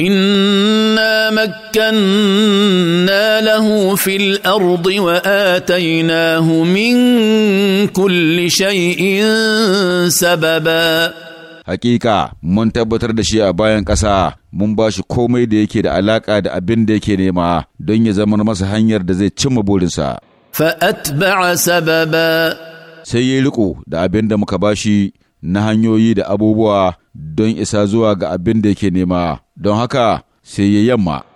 انا مكنا له في الارض واتيناه من كل شيء سببا Hakika mun tabbatar da shi a bayan ƙasa mun ba shi komai da yake da alaƙa da abin da yake nema don ya zama masa hanyar da zai cimma burinsa. Fa'atba'a sababa sai ya riƙo da abin da muka ba shi na hanyoyi da abubuwa don isa zuwa ga abin da yake nema, don haka sai ya yamma.